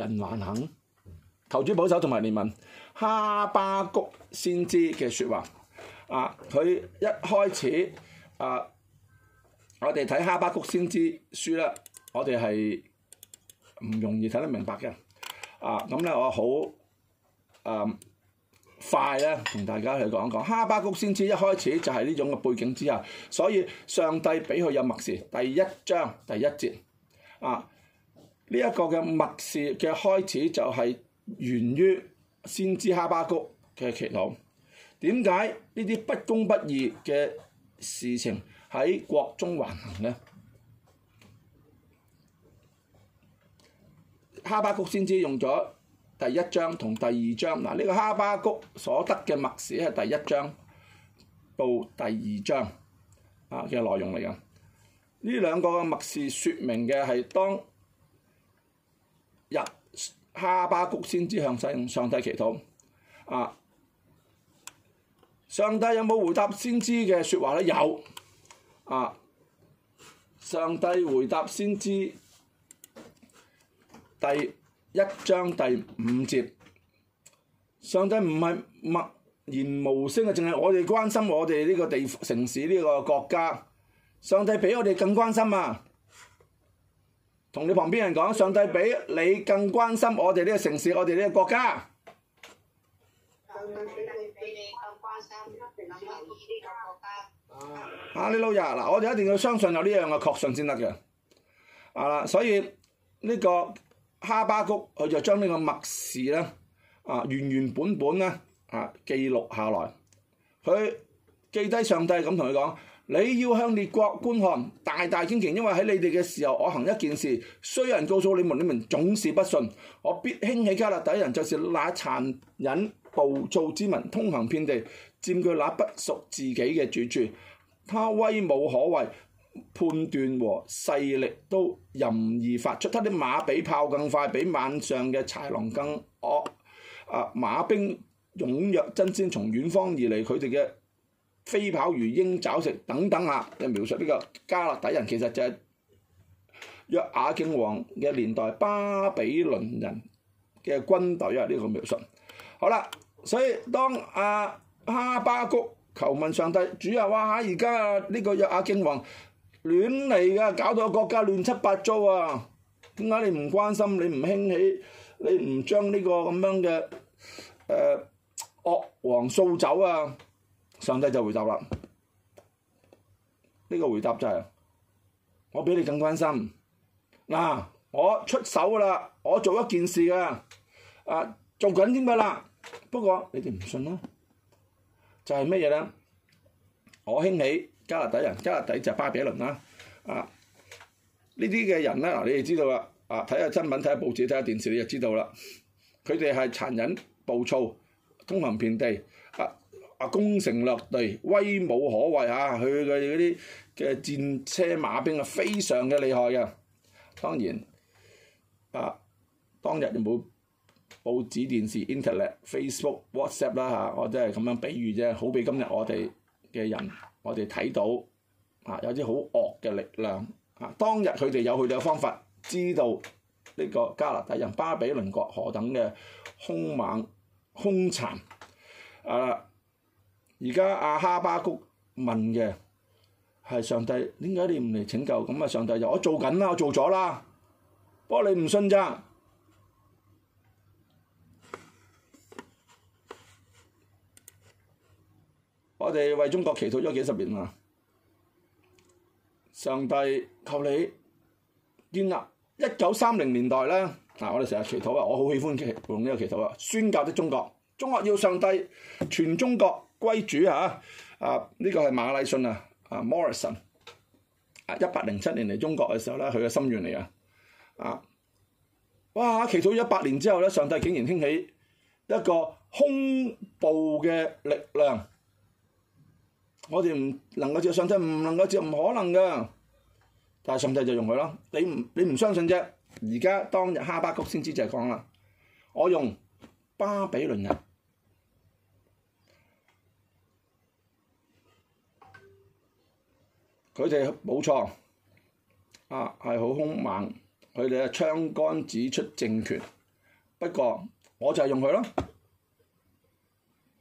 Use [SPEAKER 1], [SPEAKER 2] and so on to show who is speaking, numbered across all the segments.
[SPEAKER 1] 人還肯，投主保守同埋憐憫。哈巴谷先知嘅説話，啊，佢一開始，啊，我哋睇哈巴谷先知書啦，我哋係唔容易睇得明白嘅，啊，咁咧我好，誒、啊，快咧同大家去講一講哈巴谷先知一開始就係呢種嘅背景之下，所以上帝俾佢有默示，第一章第一節，啊。呢一個嘅密事嘅開始就係源於先知哈巴谷嘅祈禱。點解呢啲不公不義嘅事情喺國中橫行呢？哈巴谷先知用咗第一章同第二章。嗱，呢個哈巴谷所得嘅密事係第一章到第二章嘅內容嚟㗎。呢兩個密事説明嘅係當日哈巴谷先知向西，上帝祈禱。啊，上帝有冇回答先知嘅説話咧？有。啊，上帝回答先知。第一章第五節，上帝唔係默然無聲啊，淨係我哋關心我哋呢個地城市呢個國家，上帝比我哋更關心啊！同你旁邊人講，上帝比你更關心我哋呢個城市，我哋呢個國家。 啊，你老友嗱，我哋一定要相信有呢樣嘅確信先得嘅。啊啦，所以呢個哈巴谷佢就將呢個默示咧，啊原原本本咧啊記錄下來，佢記低上帝咁同佢講。你要向列國觀看，大大驚奇，因為喺你哋嘅時候，我行一件事，雖然告訴你們，你們總是不信，我必興起迦勒底人，就是那殘忍暴躁之民，通行遍地，佔據那不屬自己嘅住處。他威武可畏，判斷和勢力都任意發出。他的馬比炮更快，比晚上嘅豺狼更惡。啊，馬兵踴躍爭先，從遠方而嚟，佢哋嘅，飛跑如鷹抓食等等啊，就描述呢、這個加勒底人其實就係約雅敬王嘅年代巴比倫人嘅軍隊啊！呢、這個描述，好啦，所以當阿、啊、哈巴谷求問上帝主啊，哇嚇！而家啊呢個約雅敬王亂嚟噶，搞到個國家亂七八糟啊！點解你唔關心？你唔興起？你唔將呢個咁樣嘅誒、呃、惡王掃走啊？上帝就回答啦，呢個回答就係，我比你更關心，嗱，我出手啦，我做一件事嘅，啊，做緊添㗎啦，不過你哋唔信啦，就係咩嘢啦？我興起迦勒底人，迦勒底就巴比倫啦，啊，呢啲嘅人咧，嗱，你哋知道啦，啊，睇下新聞、睇下報紙、睇下電視，你就知道啦，佢哋係殘忍、暴躁、通行遍地。啊！攻城略地，威武可畏嚇。佢哋嗰啲嘅戰車馬兵啊，非常嘅厲害嘅。當然，啊，當日有冇報紙、電視、internet、Facebook、WhatsApp 啦、啊、嚇。我真係咁樣比喻啫。好比今日我哋嘅人，我哋睇到啊，有啲好惡嘅力量。啊，當日佢哋有佢哋嘅方法，知道呢個加勒底人巴比倫國何等嘅兇猛、兇殘。啊！而家阿哈巴谷問嘅係，上帝點解你唔嚟拯救？咁啊，上帝就，我做緊啦，我做咗啦，不過你唔信咋？我哋為中國祈禱咗幾十年啦！上帝求你建立一九三零年代咧，嗱，我哋成日祈禱啊！我好喜歡用呢個祈禱啊！宣教的中國，中國要上帝，全中國。歸主嚇，啊呢個係馬禮遜啊，啊 Morrison 啊，一八零七年嚟中國嘅時候咧，佢嘅心願嚟啊，啊哇！祈禱咗一百年之後咧，上帝竟然興起一個恐怖嘅力量，我哋唔能夠接受上帝，唔能夠接受，唔可能㗎，但係上帝就用佢咯。你唔你唔相信啫，而家當日哈巴谷先知就係講啦，我用巴比倫人。」佢哋冇錯，啊係好兇猛，佢哋嘅槍杆指出政權。不過我就係用佢咯。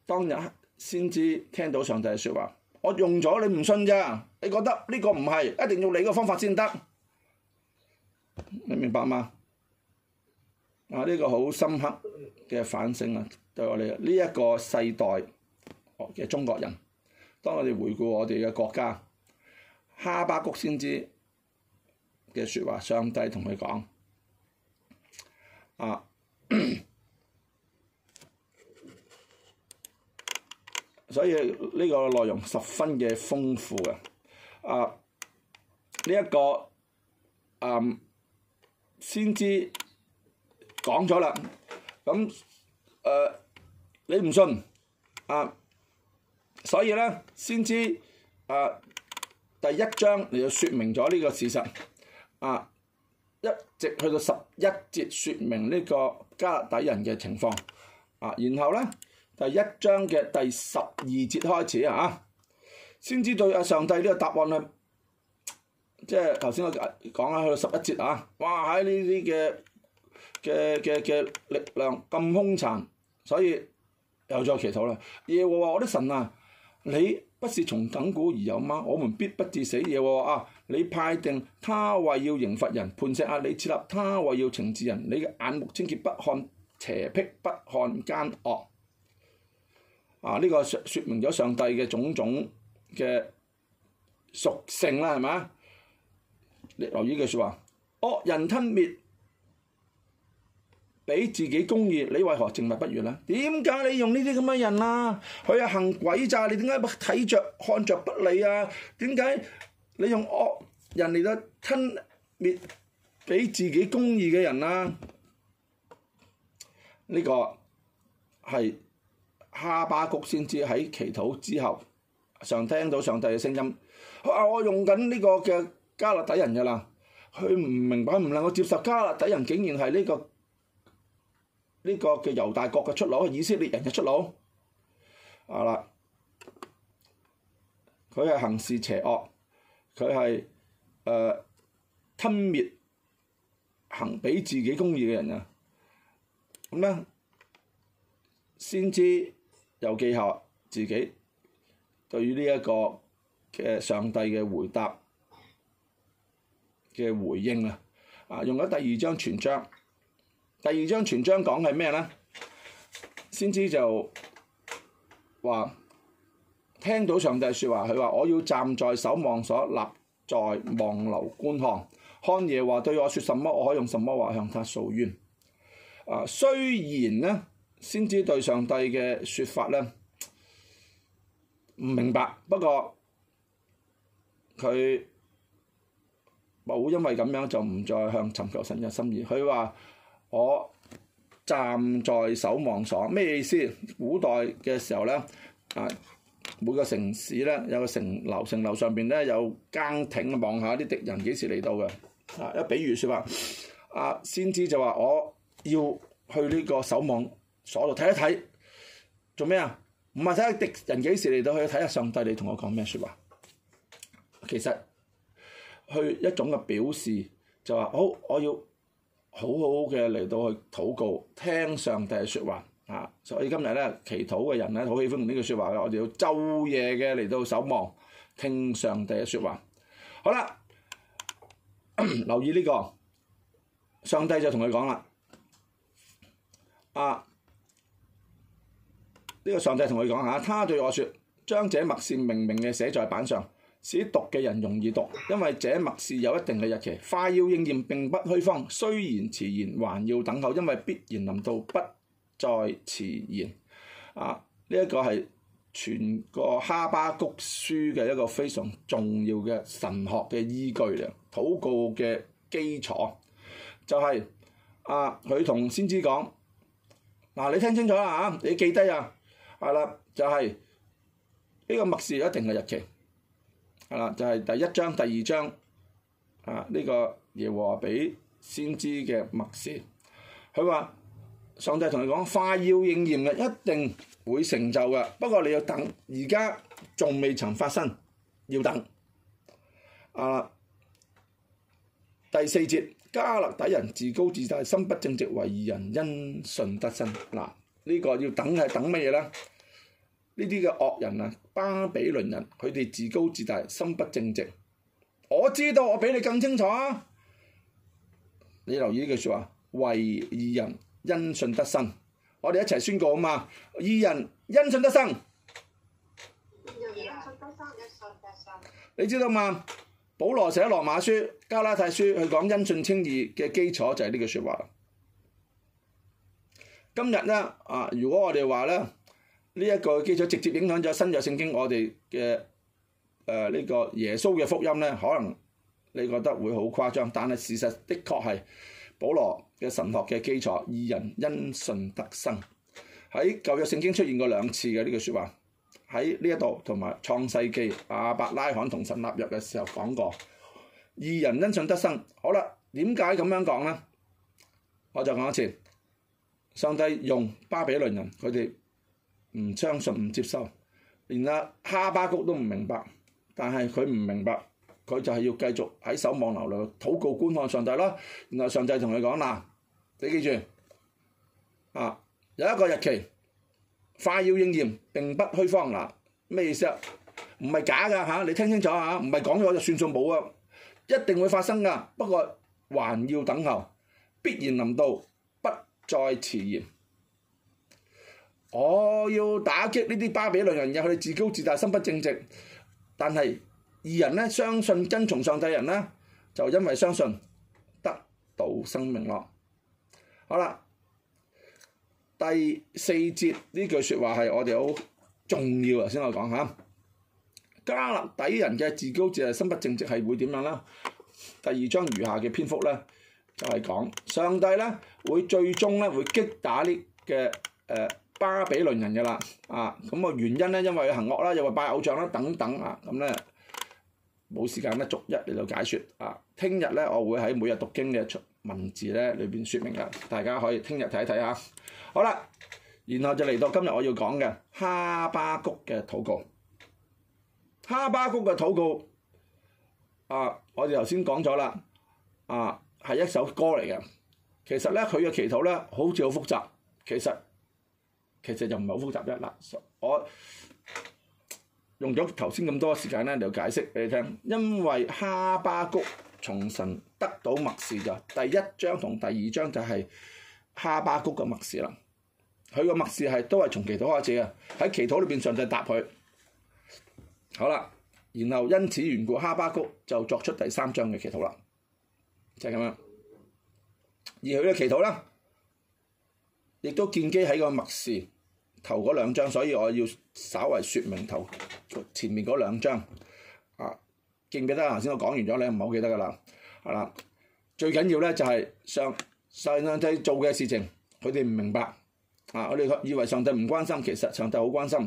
[SPEAKER 1] 當日先知聽到上帝嘅説話，我用咗你唔信啫，你覺得呢個唔係，一定要你嘅方法先得，你明白嗎？啊，呢個好深刻嘅反省啊，對我哋呢一個世代嘅中國人，當我哋回顧我哋嘅國家。哈巴谷先知嘅説話，上帝同佢講啊，所以呢個內容十分嘅豐富嘅啊，呢一個啊先知講咗啦，咁誒你唔信啊，所以咧先知誒。第一章你就説明咗呢個事實，啊，一直去到十一節説明呢個加勒底人嘅情況，啊，然後咧第一章嘅第十二節開始啊，先知道阿上帝呢個答案係，即係頭先我講下去到十一節啊，哇喺呢啲嘅嘅嘅嘅力量咁兇殘，所以又再祈禱啦，耶和華我的神啊，你。不是從亙古而有嗎？我們必不致死嘢喎、啊啊、你派定他為要刑罰人，磐石啊！你設立他為要懲治人，你嘅眼目清潔不看邪僻，不看奸惡。啊！呢、這個説明咗上帝嘅種種嘅屬性啦，係咪？你留意句説話，惡人吞滅。俾自己公義，你為何靜默不語呢？點解你用呢啲咁嘅人啊？佢係行詭詐，你點解睇著看著不理啊？點解你用惡人嚟到吞滅俾自己公義嘅人啊？呢個係哈巴谷先知喺祈禱之後，常聽到上帝嘅聲音。哇！我用緊呢個嘅加勒底人㗎啦，佢唔明白，唔能夠接受加勒底人，竟然係呢個。呢個叫猶大國嘅出路，以色列人嘅出路啊啦！佢係行事邪惡，佢係誒吞滅行俾自己公義嘅人啊！咁咧先知有記下自己對於呢一個嘅上帝嘅回答嘅回應啊！啊，用咗第二張全章。第二章全章講係咩呢？先知就話聽到上帝說話，佢話，我要站在守望所，立在望樓觀看，看耶話對我說什麼，我可以用什麼話向他訴冤。啊，雖然呢，先知對上帝嘅說法呢唔明白，不過佢冇因為咁樣就唔再向尋求神嘅心意。佢話。我站在守望所，咩意思？古代嘅時候咧，啊，每個城市咧，有個城樓，城樓上邊咧，有更挺望下啲敵人幾時嚟到嘅。啊，一比喻説話，啊，先知就話我要去呢個守望所度睇一睇，做咩啊？唔係睇下敵人幾時嚟到，去睇下上帝你同我講咩説話。其實佢一種嘅表示，就話好，我要。好好嘅嚟到去禱告，聽上帝嘅説話啊！所以今日咧，祈禱嘅人咧，好喜歡用呢句説話嘅，我哋要晝夜嘅嚟到守望，聽上帝嘅説話。好啦， 留意呢、這個，上帝就同佢講啦。啊，呢、這個上帝同佢講嚇，他對我説：將這默示明明嘅寫在板上。使讀嘅人容易讀，因為這默示有一定嘅日期。快要應驗並不虛謊，雖然遲延還要等候，因為必然臨到不再遲延。啊，呢、這、一個係全個哈巴谷書嘅一個非常重要嘅神學嘅依據咧，禱告嘅基礎就係、是、啊，佢同先知講嗱、啊，你聽清楚啦嚇，你記低啊，係啦，就係、是、呢、這個默示有一定嘅日期。係啦，就係第一章、第二章，啊呢、這個耶和華俾先知嘅默示，佢話上帝同你講快要應驗嘅，一定會成就嘅，不過你要等，而家仲未曾發生，要等。啊第四節，加勒底人自高自大，心不正直，為人因信得生。嗱、啊、呢、這個要等係等乜嘢咧？呢啲嘅惡人啊，巴比倫人，佢哋自高自大，心不正直。我知道，我比你更清楚。啊。你留意呢句説話，為義人因信得生。我哋一齊宣告啊嘛，義人因信得生。得生，得生你知道嘛？保羅寫《羅馬書》、《加拉太書》去，佢講因信稱義嘅基礎就係呢句説話。今日咧啊，如果我哋話咧。呢一個基礎直接影響咗新約聖經我哋嘅誒呢個耶穌嘅福音咧，可能你覺得會好誇張，但係事實的確係保羅嘅神學嘅基礎。義人因信得生，喺舊約聖經出現過兩次嘅呢句説話，喺呢一度同埋創世記亞伯拉罕同神立約嘅時候講過。義人因信得生，好啦，點解咁樣講呢？我就講一次，上帝用巴比倫人佢哋。唔相信唔接受，連阿哈巴谷都唔明白，但係佢唔明白，佢就係要繼續喺守望樓裡，禱告觀看上帝咯。然後上帝同佢講啦，你記住，啊有一個日期快要應驗，並不虛謊嗱，咩意思啊？唔係假㗎嚇，你聽清楚啊嚇，唔係講咗就算數冇啊，一定會發生㗎。不過還要等候，必然臨到，不再遲延。我要打擊呢啲巴比倫人，因為佢哋自高自大、心不正直。但係義人咧，相信跟從上帝人咧，就因為相信得到生命咯。好啦，第四節呢句説話係我哋好重要啊！先我講下加勒底人嘅自高自大、心不正直係會點樣啦？第二章餘下嘅篇幅咧，就係、是、講上帝咧會最終咧會擊打呢嘅誒。呃巴比倫人嘅啦，啊咁啊原因咧，因為佢行惡啦，又話拜偶像啦等等啊，咁咧冇時間咧逐一嚟到解説啊。聽日咧，我會喺每日讀經嘅出文字咧裏邊説明㗎，大家可以聽日睇一睇啊。好啦，然後就嚟到今日我要講嘅哈巴谷嘅禱告。哈巴谷嘅禱告啊，我哋頭先講咗啦，啊係一首歌嚟嘅。其實咧，佢嘅祈禱咧好似好複雜，其實。其實就唔係好複雜啫，嗱，我用咗頭先咁多時間咧嚟解釋俾你聽，因為哈巴谷從神得到默示，就第一章同第二章就係哈巴谷嘅默示啦，佢個默示係都係從祈禱開始嘅，喺祈禱裏邊上就答佢，好啦，然後因此緣故哈巴谷就作出第三章嘅祈禱啦，就係咁樣，而佢嘅祈禱啦。亦都建基喺個默示頭嗰兩章，所以我要稍為説明頭前面嗰兩章啊。記唔記得頭先我講完咗，你唔好記得㗎啦。係、啊、啦，最緊要咧就係上上帝做嘅事情，佢哋唔明白啊，佢哋以為上帝唔關心，其實上帝好關心。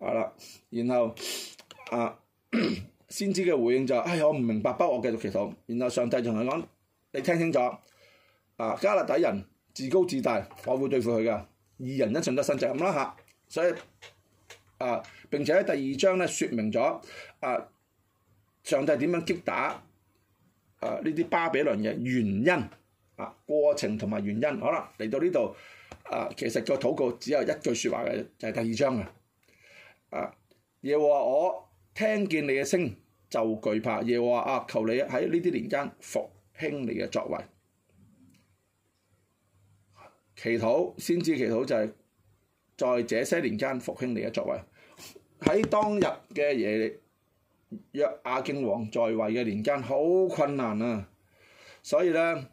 [SPEAKER 1] 係、啊、啦，然後啊， 先知嘅回應就係、是：哎我唔明白，不，我繼續祈禱。然後上帝同佢講：你聽清楚啊，加勒底人。自高自大，我會對付佢噶。二人因信得生就咁啦嚇，所以啊，並且喺第二章咧説明咗啊，上帝點樣擊打啊呢啲巴比倫嘅原因啊，過程同埋原因。好啦，嚟到呢度啊，其實個禱告只有一句説話嘅，就係第二章啊。耶和華我聽見你嘅聲就懼怕，耶和華啊，求你喺呢啲年間復興你嘅作為。祈禱，先知祈禱就係在這些年間復興你嘅作為，喺當日嘅耶利，約雅敬王在位嘅年間好困難啊，所以咧，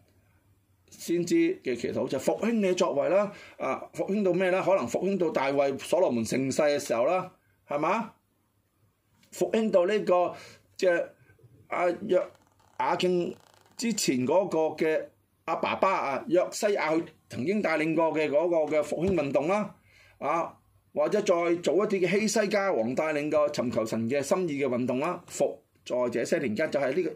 [SPEAKER 1] 先知嘅祈禱就復興你嘅作為啦，啊復興到咩咧？可能復興到大衛所羅門盛世嘅時候啦，係嘛？復興到呢個即係啊約雅敬之前嗰個嘅。阿爸爸啊，約西亞曾經帶領過嘅嗰個嘅復興運動啦，啊，或者再早一啲嘅希西家王帶領過尋求神嘅心意嘅運動啦，啊，復在這些年間就係呢，這個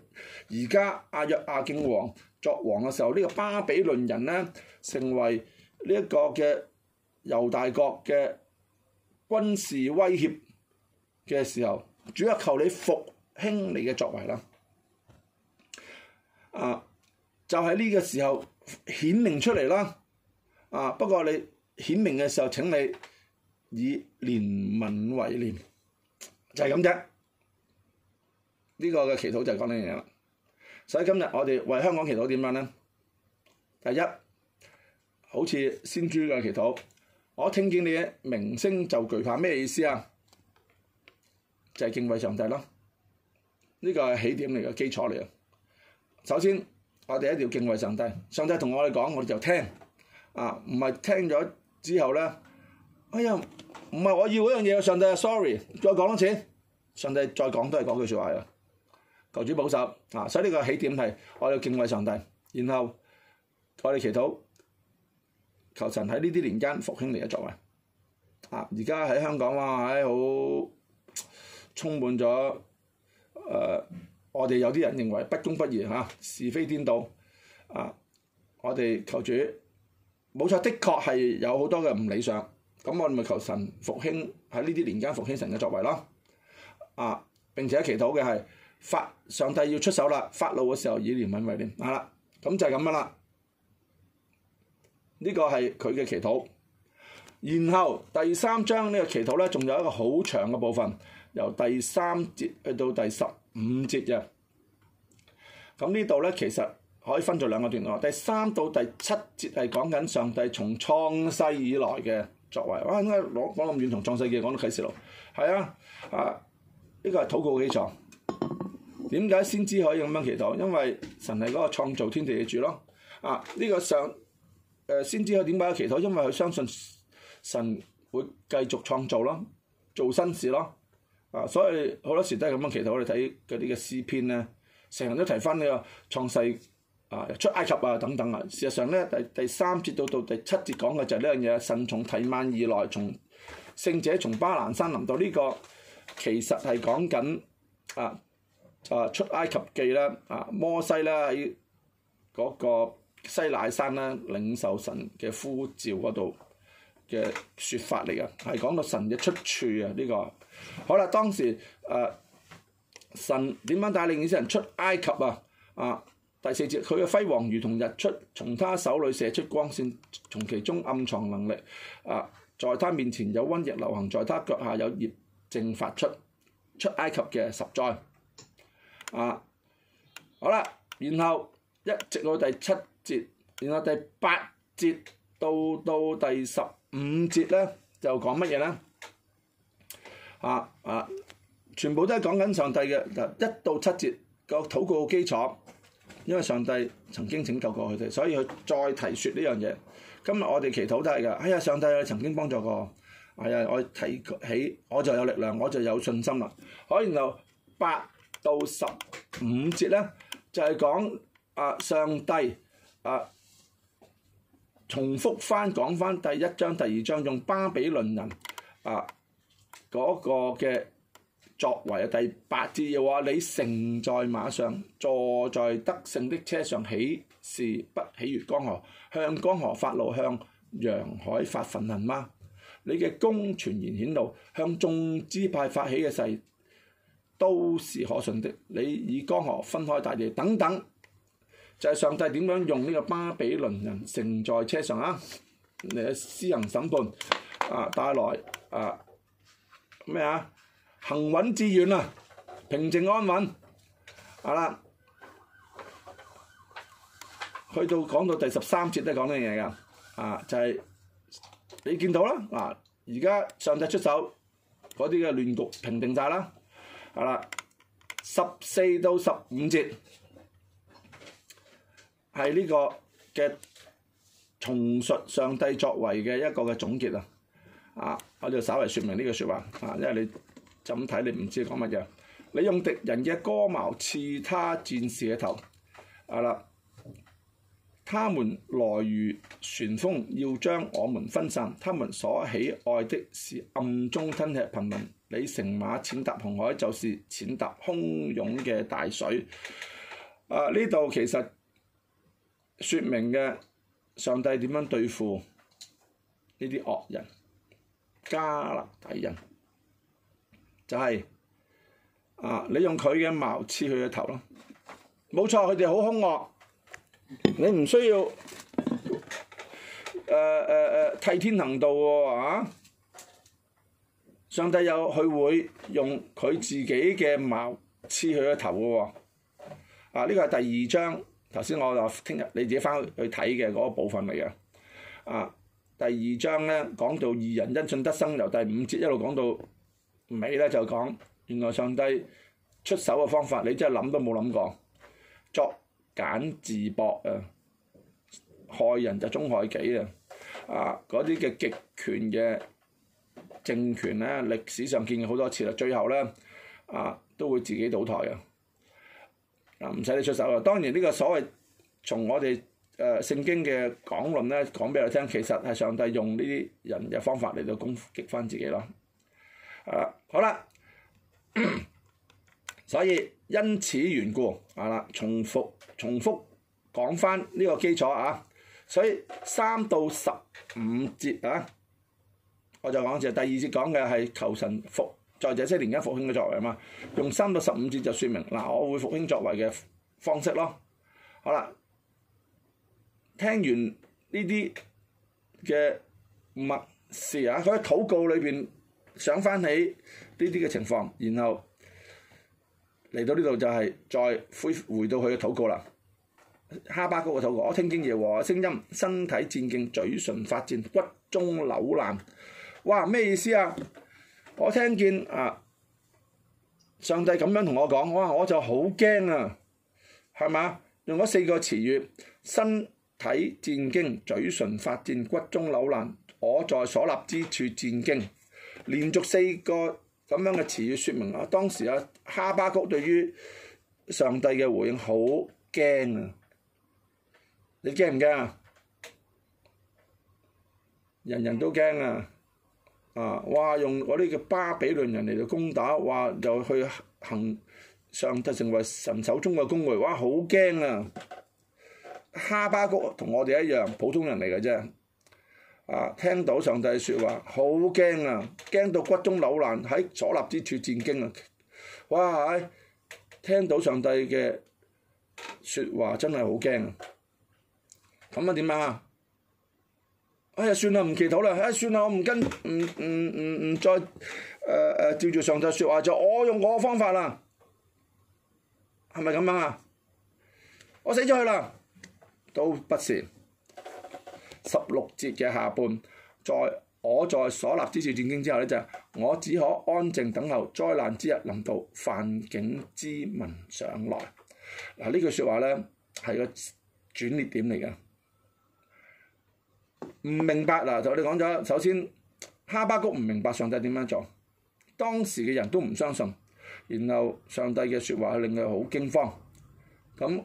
[SPEAKER 1] 而家阿約雅敬王作王嘅時候，呢，這個巴比倫人咧成為呢一個嘅猶大國嘅軍事威脅嘅時候，主啊求你復興你嘅作為啦，啊！就喺呢個時候顯明出嚟啦，啊！不過你顯明嘅時候，請你以憐憫為念，就係咁啫。呢個嘅祈禱就係講呢樣嘢啦。所以今日我哋為香港祈禱點樣咧？第一，好似先知嘅祈禱，我聽見你嘅名聲就懼怕，咩意思啊？就係敬畏上帝啦。呢個係起點嚟嘅基礎嚟嘅，首先。我哋一定要敬畏上帝，上帝同我哋講，我哋就聽，啊唔係聽咗之後咧，哎呀唔係我要嗰樣嘢啊！上帝，sorry，再講多次，上帝再講都係講句説話嘅，求主保守啊！所以呢個起點係我哋要敬畏上帝，然後我哋祈禱，求神喺呢啲年間復興你嘅作為，啊而家喺香港哇喺好充滿咗誒。我哋有啲人認為不公不義嚇、啊、是非顛倒啊！我哋求主冇錯，的確係有好多嘅唔理想。咁我哋咪求神復興喺呢啲年間復興神嘅作為咯啊！並且祈禱嘅係發上帝要出手啦！發怒嘅時候以憐憫為念啊！咁、嗯、就係咁樣啦。呢、這個係佢嘅祈禱。然後第三章呢個祈禱咧，仲有一個好長嘅部分，由第三節去到第十。五節啫，咁呢度咧其實可以分做兩個段落，第三到第七節係講緊上帝從創世以來嘅作為。哇！點解攞講咁遠同創世記講到啟示錄？係啊，啊呢個係禱告基礎。點解先知可以咁樣祈禱？因為神係嗰個創造天地嘅主咯。啊，呢、呢個想誒、呃、先知佢點解要祈禱？因為佢相信神會繼續創造咯，做新事咯。啊，所以好多時都係咁樣。其實我哋睇嗰啲嘅詩篇咧，成日都提翻呢個創世啊，出埃及啊等等啊。事實上咧，第第三節到到第七節講嘅就係呢樣嘢，神從提幔而來，從聖者從巴蘭山臨到呢個，其實係講緊啊啊出埃及記啦，啊摩西啦喺嗰個西乃山啦領受神嘅呼召嗰度嘅説法嚟嘅，係講到神嘅出處啊，呢個。好啦，當時誒、呃、神點樣帶領以色列人出埃及啊？啊，第四節佢嘅輝煌如同日出，從他手裏射出光線，從其中暗藏能力。啊，在他面前有瘟疫流行，在他腳下有熱症發出。出埃及嘅十災。啊，好啦，然後一直到第七節，然後第八節到到第十五節咧，就講乜嘢咧？啊啊，全部都係講緊上帝嘅。嗱一到七節個禱告基礎，因為上帝曾經拯救過佢哋，所以佢再提説呢樣嘢。今日我哋祈禱都係噶，哎呀，上帝佢曾經幫助過，係啊，我提起我就有力量，我就有信心啦。可然後八到十五節咧，就係講啊上帝啊，重複翻講翻第一章、第二章，用巴比倫人啊。嗰個嘅作為第八字又話：你乘在馬上，坐在得勝的車上，豈是不喜悅江河，向江河發怒，向洋海發憤恨嗎？你嘅功全然顯露，向眾支派發起嘅誓都是可信的。你以江河分開大地等等，就係、是、上帝點樣用呢個巴比倫人乘在車上啊？你嘅私人審判啊，帶來啊！咩啊？行穩致遠啊！平靜安穩，好啦！去到講到第十三節咧，都係講呢樣嘢噶，啊就係、是、你見到啦，嗱而家上帝出手嗰啲嘅亂局平定晒啦，好啦、啊、十四到十五節係呢個嘅重述上帝作為嘅一個嘅總結啊，啊！我就稍微説明呢句説話啊，因為你咁睇你唔知講乜嘢。你用敵人嘅戈矛刺他戰士嘅頭啊！啦，他們來如旋風，要將我們分散。他們所喜愛的是暗中吞吃貧民。你乘馬踐踏紅海，就是踐踏洶湧嘅大水。啊！呢度其實説明嘅上帝點樣對付呢啲惡人。加勒底人就係、是、啊，你用佢嘅矛刺佢嘅頭咯，冇錯，佢哋好兇惡。你唔需要誒誒誒替天行道喎，上帝有佢會用佢自己嘅矛刺佢嘅頭嘅喎。啊，呢、啊這個係第二章，頭先我就聽日你自己翻去去睇嘅嗰個部分嚟嘅啊。第二章咧講到義人因信得生，由第五節一路講到尾咧就講，原來上帝出手嘅方法，你真係諗都冇諗過，作繭自縛啊，害人就中害己啊，啊嗰啲嘅極權嘅政權咧，歷史上見過好多次啦，最後咧啊都會自己倒台啊，嗱唔使你出手啊。當然呢個所謂從我哋。誒、嗯、聖經嘅講論咧，講俾我哋聽，其實係上帝用呢啲人嘅方法嚟到攻擊翻自己咯。啊，好啦，所以因此緣故，啊啦，重複重複講翻呢個基礎啊，所以三到十五節啊，我就講就係，第二節講嘅係求神復在這些年間復興嘅作為啊嘛，用三到十五節就説明嗱、啊，我會復興作為嘅方式咯。好啦。聽完呢啲嘅物事啊，佢喺個禱告裏邊想翻起呢啲嘅情況，然後嚟到呢度就係再恢回到佢嘅禱告啦。哈巴谷嘅禱告，我聽見耶和華聲音，身體戰兢，嘴唇發顫，骨中朽爛。哇！咩意思啊？我聽見啊上帝咁樣同我講，哇！我就好驚啊，係嘛？用咗四個詞語，身。睇戰兢，嘴唇發戰，骨中朽爛。我在所立之處戰兢，連續四個咁樣嘅詞語說明啊，當時啊，哈巴谷對於上帝嘅回應好驚啊！你驚唔驚啊？人人都驚啊！啊，話用嗰啲叫巴比倫人嚟到攻打，話就去行上帝成為神手中嘅工具，哇！好驚啊！哈巴谷同我哋一樣普通人嚟嘅啫，啊，聽到上帝説話好驚啊，驚到骨中扭爛，喺所立之處戰驚啊！哇，唉聽到上帝嘅説話真係好驚啊！咁啊點啊？哎呀，算啦唔祈禱啦，哎算啦我唔跟唔唔唔唔再誒誒照住上帝説話就我用我方法啦，係咪咁樣啊？我死咗去啦！都不善。十六節嘅下半，在我在所立之處戰兢之後呢，就是、我只可安靜等候災難之日臨到，犯境之民上來。嗱，呢句説話呢，係個轉捩點嚟㗎。唔明白嗱，就我哋講咗，首先哈巴谷唔明白上帝點樣做，當時嘅人都唔相信，然後上帝嘅説話令佢好驚慌，咁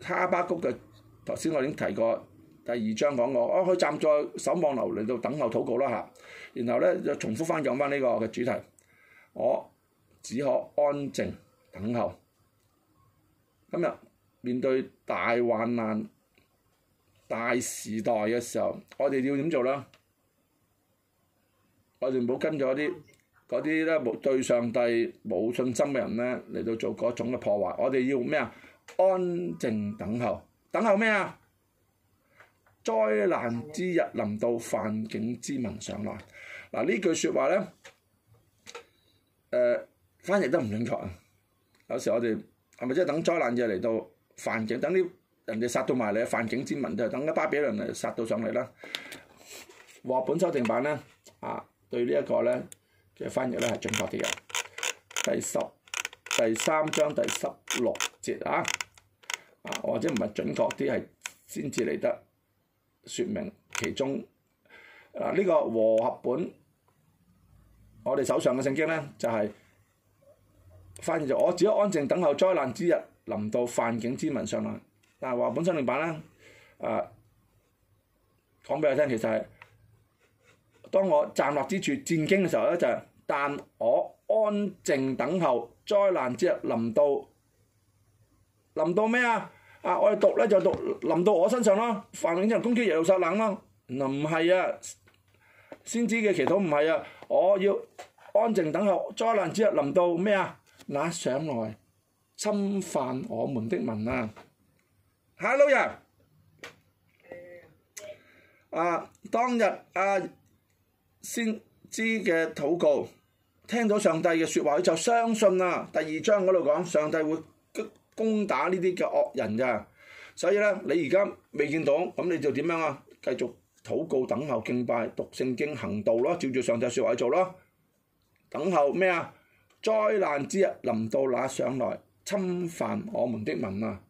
[SPEAKER 1] 哈巴谷嘅。頭先我已經提過第二章講過，我、啊、佢站在守望樓嚟到等候禱告啦嚇，然後咧又重複翻講翻呢個嘅主題，我只可安靜等候。今日面對大患難、大時代嘅時候，我哋要點做咧？我哋唔好跟咗啲嗰啲咧冇對上帝冇信心嘅人咧嚟到做嗰種嘅破壞，我哋要咩啊？安靜等候。等候咩啊？災難之日臨到，犯境之民上來。嗱，呢句説話咧，誒、呃，翻譯得唔正確啊？有時我哋係咪即係等災難日嚟到犯境？等啲人哋殺到埋你，犯境之民就等一巴比倫嚟殺到上嚟啦。和本修訂版咧，啊，對呢一個咧嘅翻譯咧係正確啲嘅。第十第三章第十六節啊。或者唔係準確啲，係先至嚟得説明，其中嗱，呢個和合本我哋手上嘅聖經咧，就係發現咗，我只可安靜等候災難之日臨到，犯境之民上來，但係和合本新譯版咧，誒，講俾我聽，其實係當我站立之處戰兢嘅時候咧，就係但我安靜等候災難之日臨到，臨到咩啊？啊！我哋讀咧就讀，臨到我身上咯，凡人就攻擊又到殺冷咯。嗱唔係啊，先知嘅祈禱唔係啊，我要安靜等候災難之日臨到咩啊？嗱上來侵犯我們的民啊！哈老人，啊當日啊先知嘅禱告，聽到上帝嘅説話，佢就相信啦。第二章嗰度講，上帝會攻打呢啲嘅惡人㗎，所以咧你而家未見到，咁你就點樣啊？繼續禱告、等候、敬拜、讀聖經、行道咯，照住上帝嘅説話去做咯。等候咩啊？災難之日臨到那上來侵犯我們的民啊！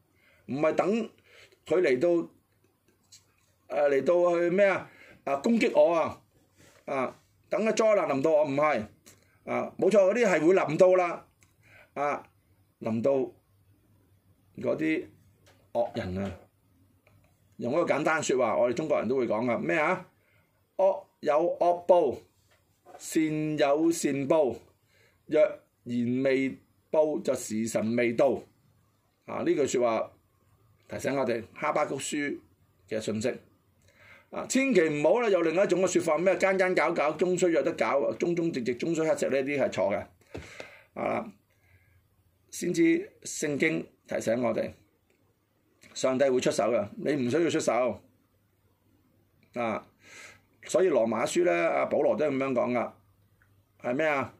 [SPEAKER 1] 唔係等佢嚟到，誒嚟到去咩啊？啊攻擊我啊！啊等個災難臨到我唔係，啊冇錯嗰啲係會臨到啦，啊臨到。嗰啲惡人啊，用一個簡單説話，我哋中國人都會講噶咩啊？惡有惡報，善有善報。若然未報，就時辰未到。啊！呢句説話提醒我哋，哈巴谷書嘅信息啊，千祈唔好啦！有另一種嘅説法，咩奸奸搞搞，終須有得搞；忠忠直直，終須乞食，呢啲係錯嘅。啊，先知聖經。提醒我哋，上帝會出手嘅。你唔需要出手啊！所以羅馬書咧，阿、啊、保羅都係咁樣講噶，係咩啊？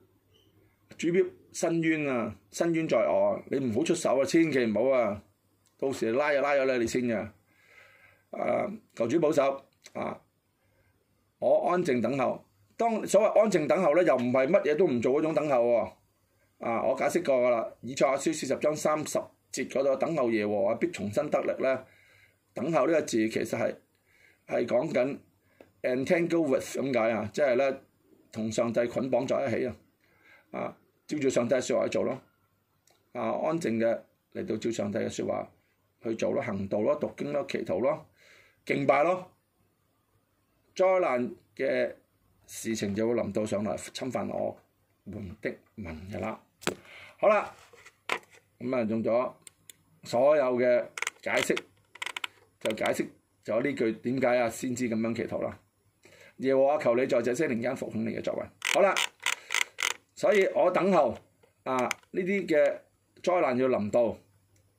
[SPEAKER 1] 主必伸冤啊！伸冤在我，你唔好出手啊！千祈唔好啊！到時拉又拉又你先嘅。誒、啊，求主保守啊！我安靜等候。當所謂安靜等候咧，又唔係乜嘢都唔做嗰種等候喎、啊。啊，我解釋過噶啦，《以賽亞書》四十章三十節嗰度等候耶和華，必重新得力咧。等候呢個字其實係係講緊 Entangle with 咁解啊，即係咧同上帝捆綁，綁在一起啊。啊，照住上帝嘅説話去做咯。啊，安靜嘅嚟到照上帝嘅説話去做咯，行道咯，讀經咯，祈禱咯，敬拜咯。災難嘅事情就會臨到上來侵犯我們的民嘅啦。好啦。咁啊，用咗所有嘅解釋，就解釋就呢句點解啊，先知咁樣祈禱啦。耶和華求你在這些年間復興你嘅作為。好啦，所以我等候啊，呢啲嘅災難要臨到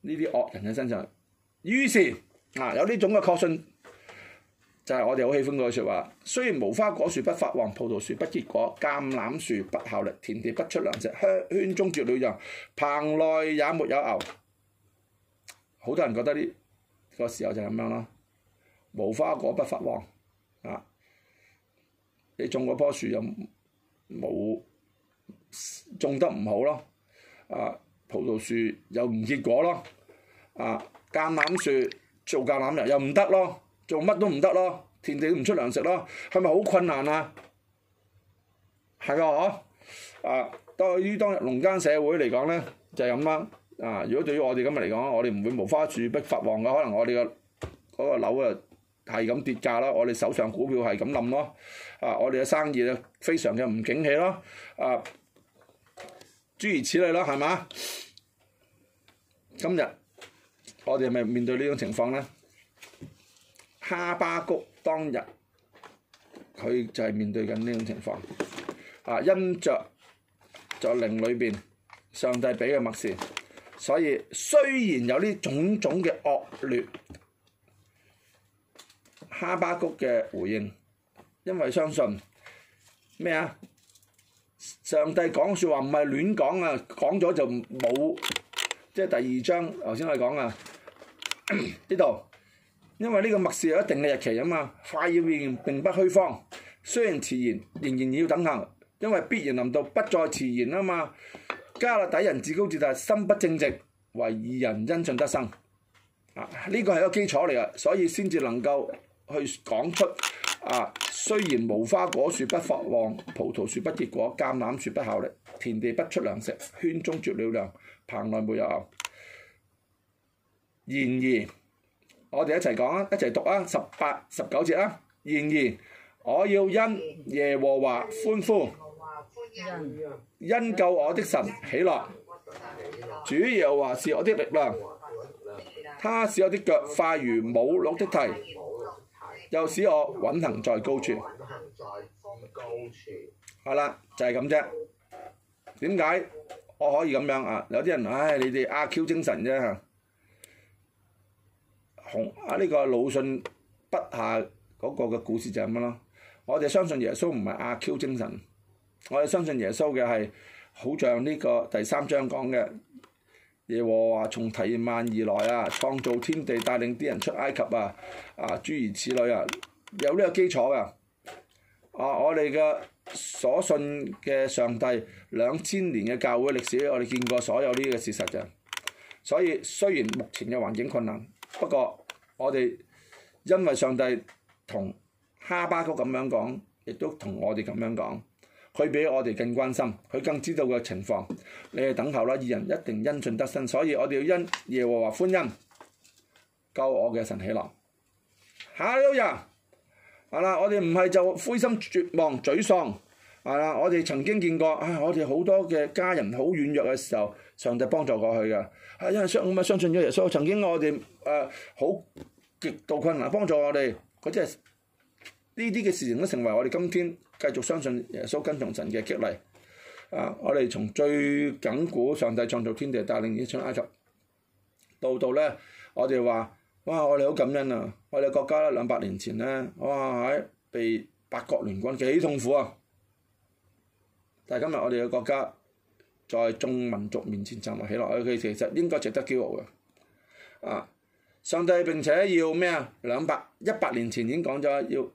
[SPEAKER 1] 呢啲惡人嘅身上。於是啊，有呢種嘅確信。就係我哋好喜歡嗰句説話，雖然無花果樹不發黃，葡萄樹不結果，橄欖樹不效力，田地不出糧食，圈中絕了羊，棚內也沒有牛。好多人覺得呢個時候就係咁樣咯。無花果不發黃，啊，你種嗰棵樹又冇種得唔好咯，啊，葡萄樹又唔結果咯，啊，橄欖樹做橄欖油又唔得咯。做乜都唔得咯，田地唔出糧食咯，係咪好困難啊？係噶啊，對於當日農耕社會嚟講咧，就係咁啦。啊，如果對於我哋今日嚟講，我哋唔會無花樹不發旺噶，可能我哋、嗰個嗰個樓啊係咁跌價咯，我哋手上股票係咁冧咯。啊，我哋嘅生意咧，非常嘅唔景氣咯。啊，諸如此類咯，係嘛？今日我哋係咪面對呢種情況咧？哈巴谷當日，佢就係面對緊呢種情況，啊，因着就令裏邊上帝俾嘅默示，所以雖然有啲種種嘅惡劣，哈巴谷嘅回應，因為相信咩啊？上帝講説話唔係亂講啊，講咗就冇，即係第二章頭先我哋講啊，呢度。因為呢個默示有一定嘅日期啊嘛，快要應驗，並不虛謊，雖然遲延，仍然要等候，因為必然臨到，不再遲延啊嘛。迦勒底人自高自大，心不正直，惟義人因信得生。啊，呢、這個係一個基礎嚟嘅，所以先至能夠去講出啊。雖然無花果樹不發旺，葡萄樹不結果，橄欖樹不效力，田地不出糧食，圈中絕了羊，棚內沒有牛。然而我哋一齊講啊，一齊讀啊，十八十九節啊。然而，我要因耶和華歡呼，因救我的神喜樂。主耶和華是我的力量，他使我的腳快如母鹿的蹄，又使我穩行在高處。係啦，就係咁啫。點解我可以咁樣啊？有啲人唉，你哋阿 Q 精神啫。啊！呢個魯迅筆下嗰個嘅故事就係咁樣咯。我哋相信耶穌唔係阿 Q 精神，我哋相信耶穌嘅係好像呢個第三章講嘅耶和華從提幔而來啊，創造天地，帶領啲人出埃及啊，啊諸如此類啊，有呢個基礎㗎。啊，啊！我哋嘅所信嘅上帝兩千年嘅教會歷史，我哋見過所有呢個事實嘅。所以雖然目前嘅環境困難。不過，我哋因為上帝同哈巴谷咁樣講，亦都同我哋咁樣講，佢比我哋更關心，佢更知道嘅情況。你哋等候啦，二人一定恩盡得身。所以我哋要因耶和華歡欣，救我嘅神喜樂。哈利路亞！係啦，我哋唔係就灰心絕望、沮喪。係啦，我哋曾經見過，唉，我哋好多嘅家人好軟弱嘅時候。上帝幫助過去嘅，係因為相咁啊相信咗耶穌，曾經我哋誒好極度困難，幫助我哋，嗰啲係呢啲嘅事情都成為我哋今天繼續相信耶穌跟從神嘅激勵。啊，我哋從最緊古上帝創造天地，帶領以色列出埃及到到咧，我哋話，哇！我哋好感恩啊！我哋國家咧兩百年前咧，哇，喺被八國聯軍幾痛苦啊！但係今日我哋嘅國家。在眾民族面前站埋起來，佢其實應該值得驕傲嘅。啊！上帝並且要咩啊？兩百一百年前已經講咗要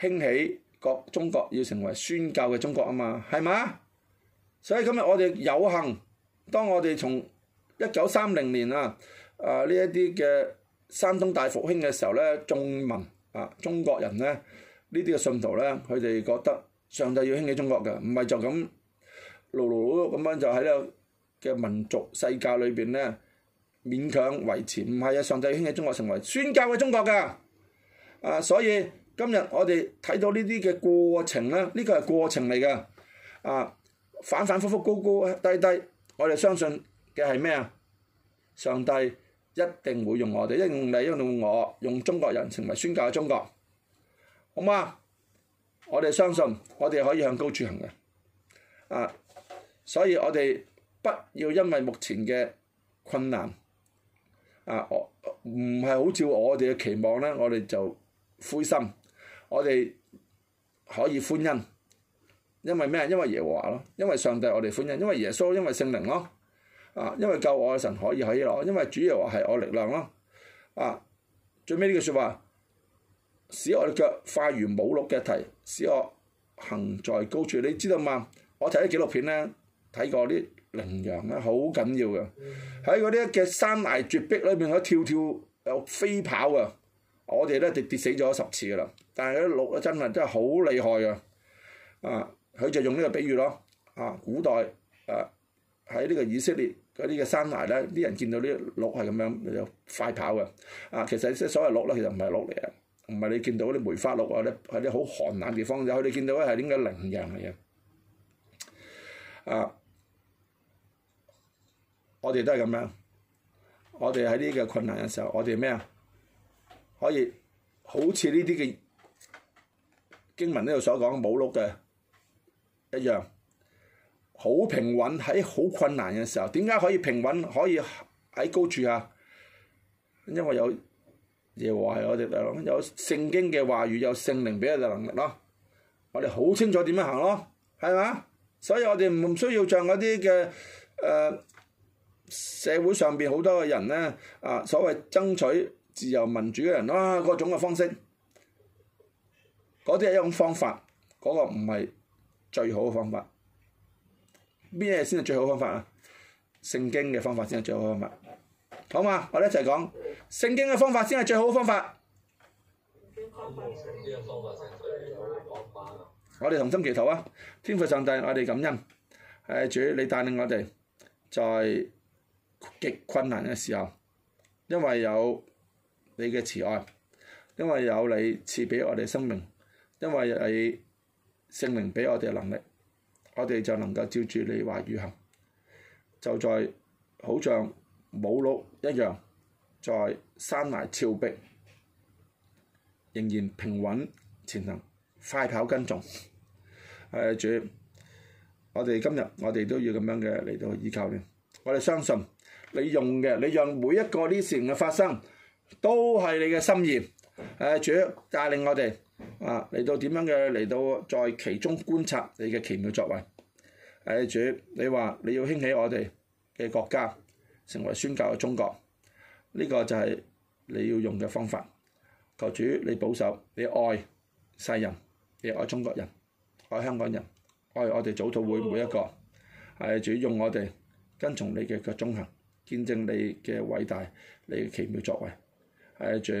[SPEAKER 1] 興起國中國，要成為宣教嘅中國啊嘛，係嘛？所以今日我哋有幸，當我哋從一九三零年啊，啊呢一啲嘅山東大復興嘅時候咧，眾民啊中國人咧呢啲嘅信徒咧，佢哋覺得上帝要興起中國嘅，唔係就咁。嚕嚕嚕，咁樣就喺呢個嘅民族世界裏邊咧，勉強維持。唔係啊，上帝興起中國成為宣教嘅中國噶。啊，所以今日我哋睇到呢啲嘅過程咧，呢個係過程嚟噶。啊，反反復復高高低低，我哋相信嘅係咩啊？上帝一定會用我哋，用你一定用我，用中國人成為宣教嘅中國。好嘛？我哋相信我哋可以向高處行嘅。啊！所以我哋不要因為目前嘅困難，啊，唔係好照我哋嘅期望咧，我哋就灰心。我哋可以歡欣，因為咩？因為耶和華咯，因為上帝，我哋歡欣，因為耶穌，因為聖靈咯，啊，因為救我嘅神可以可以咯，因為主要話係我力量咯，啊，最尾呢句説話，使我嘅腳快如母鹿嘅蹄，使我行在高處。你知道嘛？我睇啲紀錄片咧。睇過啲羚羊咧，好緊要嘅。喺嗰啲嘅山崖絕壁裏面，佢跳跳又飛跑嘅。我哋咧就跌死咗十次噶啦。但係啲鹿咧真係真係好厲害嘅。啊，佢就用呢個比喻咯。啊，古代啊喺呢個以色列嗰啲嘅山崖咧，啲人見到啲鹿係咁樣就快跑嘅。啊，其實即係所謂鹿咧，其實唔係鹿嚟嘅，唔係你見到啲梅花鹿或者係啲好寒冷地方，佢哋見到咧係點解羚羊嚟嘅。啊！我哋都係咁樣，我哋喺呢個困難嘅時候，我哋咩啊？可以好似呢啲嘅經文呢度所講母鹿嘅一樣，好平穩喺好困難嘅時候，點解可以平穩可以喺高處啊？因為有耶和華我哋嚟講，有聖經嘅話語，有聖靈俾我嘅能力咯，我哋好清楚點樣行咯，係嘛？所以我哋唔需要像嗰啲嘅誒。呃社會上邊好多嘅人咧，啊所謂爭取自由民主嘅人，哇各種嘅方式，嗰啲係一種方法，嗰個唔係最好嘅方法。咩先係最好方法啊？聖經嘅方法先係最好嘅方法，好嘛？我哋一齊講，聖經嘅方法先係最好嘅方法。我哋同心祈禱啊！天父上帝，我哋感恩，誒主你帶領我哋在極困難嘅時候，因為有你嘅慈愛，因為有你賜俾我哋生命，因為你聖靈俾我哋嘅能力，我哋就能夠照住你話語行，就在好像母鹿一樣，在山崖峭壁，仍然平穩前行，快跑跟從， 哎、主，我哋今日我哋都要咁樣嘅嚟到依靠你，我哋相信。你用嘅，你讓每一個啲事情嘅發生都係你嘅心意。誒主，帶領我哋啊嚟到點樣嘅嚟到，在其中觀察你嘅奇妙作為。誒主，你話你要興起我哋嘅國家，成為宣教嘅中國，呢個就係你要用嘅方法。求主，你保守，你愛世人，你愛中國人，愛香港人，愛我哋早禱會每一個。誒主，用我哋跟從你嘅腳蹤行。見證你嘅偉大，你嘅奇妙作為，係、哎、主，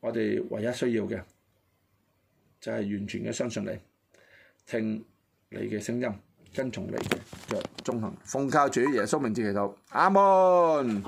[SPEAKER 1] 我哋唯一需要嘅，就係、是、完全嘅相信你，聽你嘅聲音，跟從你嘅腳蹤行，奉靠主耶穌名字祈禱，阿門。